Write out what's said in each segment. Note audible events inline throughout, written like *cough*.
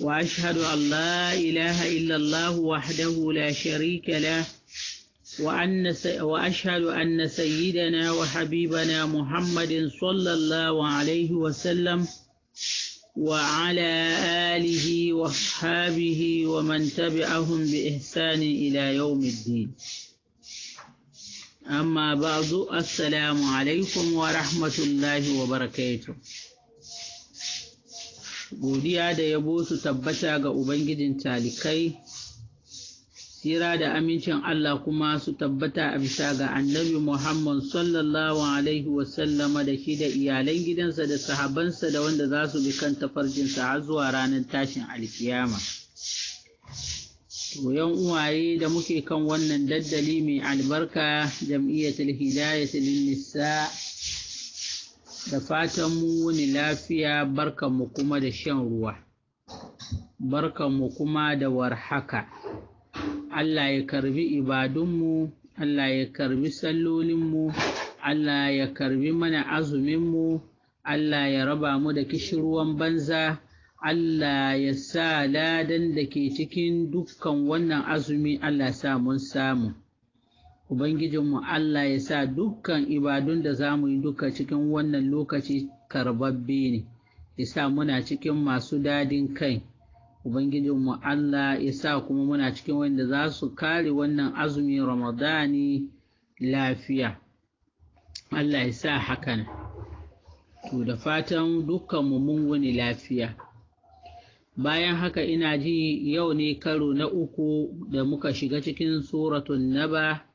وأشهد أن لا إله إلا الله وحده لا شريك له وأن وأشهد أن سيدنا وحبيبنا محمد صلى الله عليه وسلم وعلى آله وأصحابه ومن تبعهم بإحسان إلى يوم الدين أما بعد السلام عليكم ورحمة الله وبركاته godiya da yabo su tabbata ga Ubangijin talikai, tsira da amincin Allah kuma su tabbata a bisa ga annabi Muhammad sallallahu Alaihi wasallama da shi da iyalan gidansa da sahabansa da wanda za su bi kan tafarjinsa har zuwa ranar tashin alkiyama. yan uwaye da muke kan wannan daddali mai albarka jam'iyyatul hidayatul nisa' da fatan mu wani lafiya mu kuma da shan ruwa mu kuma da warhaka Allah ya karbi ibadunmu Allah ya karbi sallolinmu Allah ya karbi mana azuminmu Allah ya raba mu da kishirwan banza Allah ya sa ladan da ke cikin dukkan wannan azumi Allah sa mun samu. Ubangijinmu Allah ya sa dukkan ibadun da za mu yi duka cikin wannan lokaci karbabbe ne, ya sa muna cikin masu dadin kai. Ubangijinmu Allah ya sa kuma muna cikin wanda za su kare wannan azumi Ramadani lafiya. Allah ya sa hakan. To da fatan dukkanmu mun wuni lafiya. Bayan haka ina ji yau ne karo na uku da muka shiga cikin suratun naba.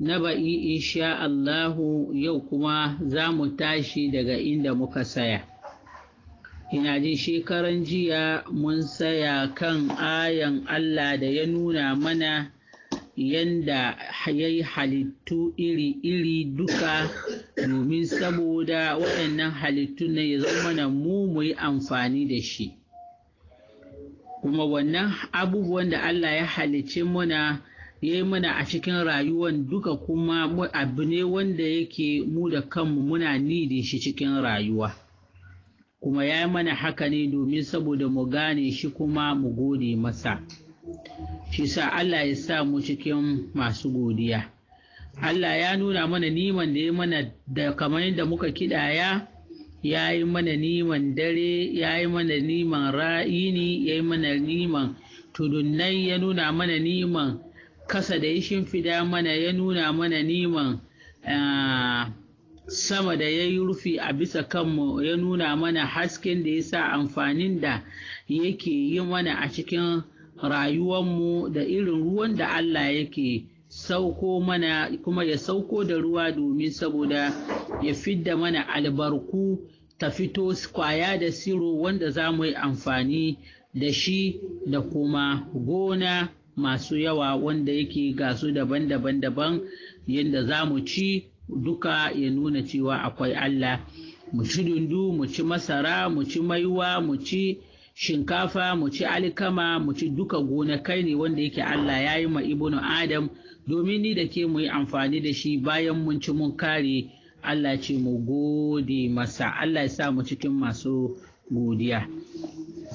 na in sha Allahu yau kuma za mu tashi daga inda muka saya. Ina jin shekaran jiya mun saya kan ayan Allah da ya nuna mana yanda ya yi halittu iri-iri duka domin saboda waɗannan halittu na ya zama mana mu mu yi amfani da shi. Kuma wannan abubuwan da Allah ya halicci muna ya yi mana a cikin rayuwan duka kuma abu ne wanda yake mu da kanmu muna ni da shi cikin rayuwa kuma ya yi mana haka ne domin saboda mu gane shi kuma mu gode masa shi sa Allah ya sa mu cikin masu godiya Allah ya nuna mana niman da ya mana da kamar yadda muka kidaya ya yi mana niman dare ya yi mana niman ra'ini ya yi mana niman tudunnai ya nuna mana niman kasa da ya shimfida mana ya nuna mana niman sama da ya yi rufi a bisa kanmu ya nuna mana hasken da ya sa amfanin da yake yi mana a cikin rayuwanmu da irin ruwan da Allah yake sauko mana kuma ya sauko da ruwa domin saboda ya fidda mana albarku ta fito kwaya da siro wanda za mu yi amfani da shi da kuma gona masu yawa wanda yake gasu daban-daban daban yadda za mu ci duka ya nuna cewa akwai Allah mu ci dundu mu ci masara mu ci maiwa mu ci shinkafa mu ci alkama mu ci duka gonakai ne wanda yake Allah ya yi ma ibnu adam domin ni da ke mu yi amfani da shi bayan mun ci mun kare Allah ce mu gode masa Allah ya sa mu cikin masu godiya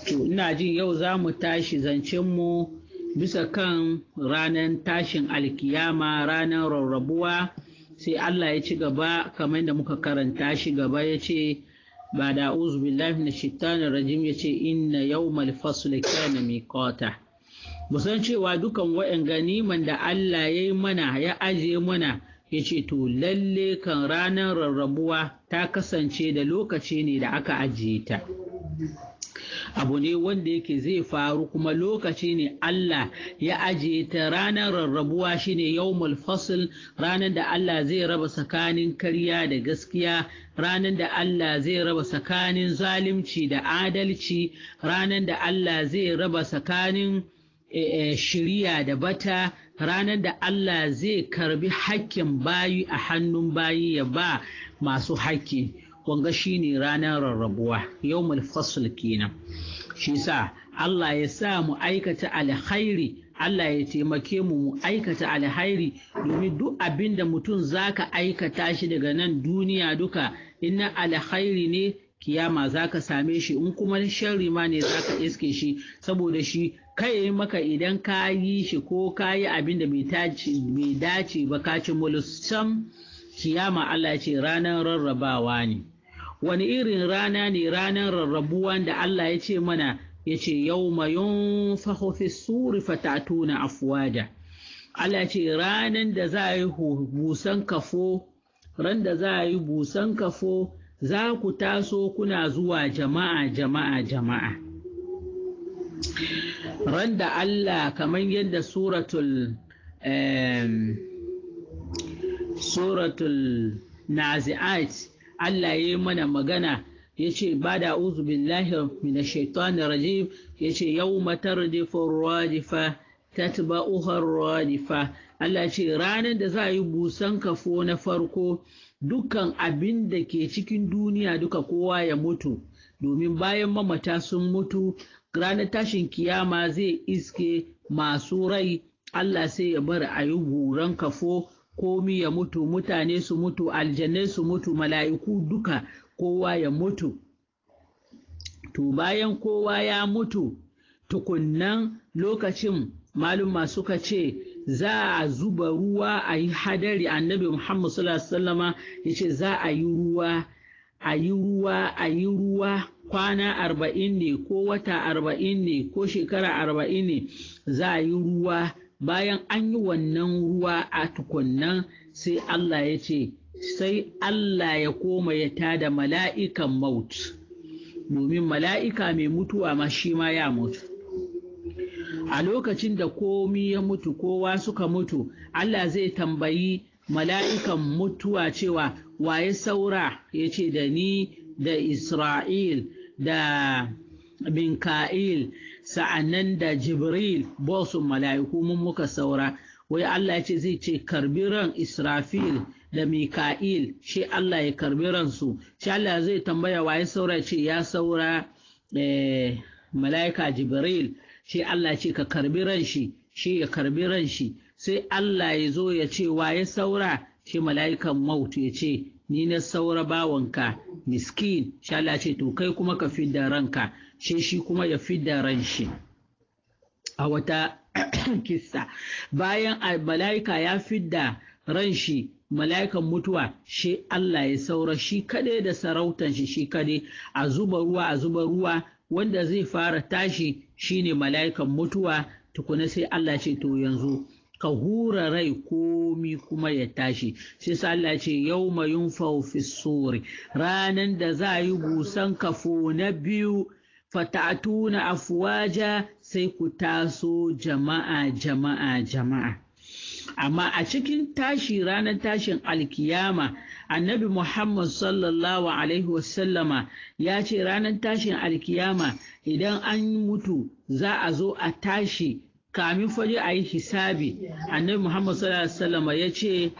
to ina jin yau za mu tashi zancen mu bisa kan ranar tashin alkiyama ranar rarrabuwa sai Allah ya ci gaba kamar da muka karanta shi gaba ya ce ba da uzu na shaitanir rajim ya ce inna yawmal fasl kana miqata musan cewa dukan wa'in ganiman da Allah ya yi mana ya ajiye mana ya ce to lalle kan ranar rarrabuwa ta kasance da lokaci ne da aka ajiye ta abu ne wanda yake zai faru kuma lokaci ne Allah ya ajiye ta ranar rarrabuwa shine yawmul fasl ranar da Allah zai raba tsakanin karya da gaskiya ranar da Allah zai raba tsakanin zalimci da adalci ranar da Allah zai raba tsakanin eh, eh, shiriya da bata ranar da Allah zai karbi hakkin bayi a hannun bayi ya ba masu hakki kunga ne ranar rarrabuwa yau fasl kenan shi sa Allah ya sa mu aikata alkhairi Allah ya taimake mu mu aikata alhairi domin duk abin da mutum ka aikata shi daga nan duniya duka inna alhairi ne kiyama za ka same shi in kuma sharri ma ne za ka iske shi saboda shi kai maka idan ka yi shi ko ka yi abin da bai dace ba ka ci kiyama Allah ce ranar rarrabawa ne wani irin rana ne ranar rarrabuwan da Allah ya ce mana ya ce yau mayun fahofi suri na afuwada? Allah ce ranar da za a yi busan kafo ran da za a yi busan kafo za ku taso kuna zuwa jama'a jama'a jama'a ran da Allah kamar yadda suratul suratul nazi'at Allah ya yi mana magana ya ce ba da uzu billahi mina shaitan rajim ya ce yau matar ta tatba uhar radifa Allah ce ranar da za a yi busan kafo na farko dukkan abin da ke cikin duniya duka kowa ya mutu domin bayan mamata sun mutu ranar tashin kiyama zai iske masu rai Allah sai ya bar a yi buran kafo komi ya mutu mutane su mutu aljanai su mutu mala'iku duka kowa ya mutu to bayan kowa ya mutu tukunnan lokacin maluma suka ce za a zuba ruwa a yi hadari annabi muhammad sallallahu ya ce za a yi ruwa a yi ruwa a yi ruwa kwana arba'in ne ko wata arba'in ne ko shekara arba'in ne za a yi ruwa bayan an yi wannan ruwa a tukunnan sai Allah ya ce sai Allah ya koma ya tada mala'ikan maut domin mala'ika mai mutuwa ma shi ma ya mutu a lokacin da komi ya mutu kowa suka mutu Allah zai tambayi mala'ikan mutuwa cewa waye saura ya ce da ni da Isra'il da minka'il sa'annan da jibril bosun mala'iku mun muka saura wai Allah ya ce zai ce karbi ran israfil da mika'il shi Allah ya karbi ransu shi Allah zai tambaya waye saura ce ya saura eh, mala'ika jibril shi Allah ce ka karbi ran shi shi ya karbi ran shi sai Allah ya zo ya ce waye saura shi mala'ikan maut ya ce ni na saura bawanka miskin Shala ce to kai kuma ka fidda ranka shi shi kuma ya fidda ran shi a wata *clears throat* kissa bayan mala'ika ya fidda ran shi mala'ikan mutuwa shi Allah ya saura shi kade da sarautan shi shi kade a zuba ruwa a zuba ruwa wanda zai fara tashi shine mala'ikan mutuwa tukuna sai Allah ce to yanzu ka hura rai komi kuma ya tashi shi Allah ce yau ma yunfau fi ranan da za a yi busan kafo na biyu fata'atuna afuwaja, sai ku taso jama'a jama'a jama'a amma a cikin tashi ranar tashin alkiyama annabi muhammad sallallahu alaihi wasallama ya ce ranar tashin alkiyama idan an mutu za a zo a tashi kamin fari a yi hisabi annabi muhammad sallallahu alaihi wasallam ya ce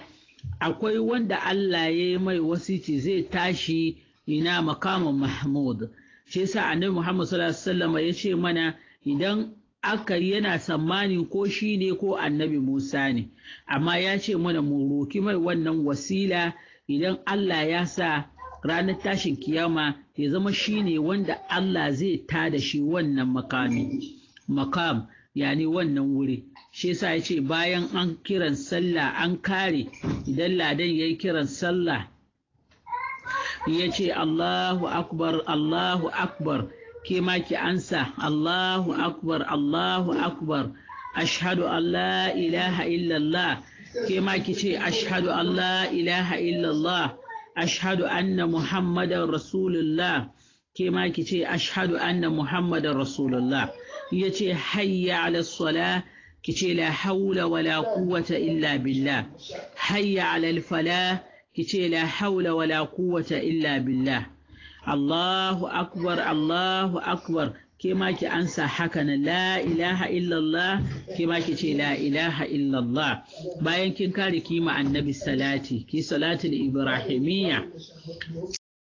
akwai wanda allah ya yi mai wasici zai tashi ina makamin mahmud shi yasa annabi muhammad sallallahu alaihi wasallam ya ce mana idan aka yana tsammani ko shi ne ko annabi musa ne amma ya ce mana mu roki mai wannan wasila idan allah ya sa ranar tashin kiyama ya zama shi ne wanda allah zai tada shi wannan makami makam yani wannan wuri shi yasa ya ce bayan an kiran sallah an kare idan ladan ya yi kiran sallah ya ce allahu akbar allahu akbar ke ma ki ansa allahu akbar allahu akbar ashhadu Allah! la ilaha illallah ke ma ki ce ashhadu Allah! la ilaha illallah Ashadu anna muhammadan rasulullah ke ma ki ce Ashadu anna muhammadan rasulullah ya ce hayya ala sala ki ce la haula wala quwwata illa billah hayya ala fala ki ce la haula wala quwwata illa billah Allahu akbar Allahu akbar ke ma ki ansa haka na la ilaha illallah ke ma ki ce la ilaha illallah bayan kin kare kima annabi salati ki salatin ibrahimiyya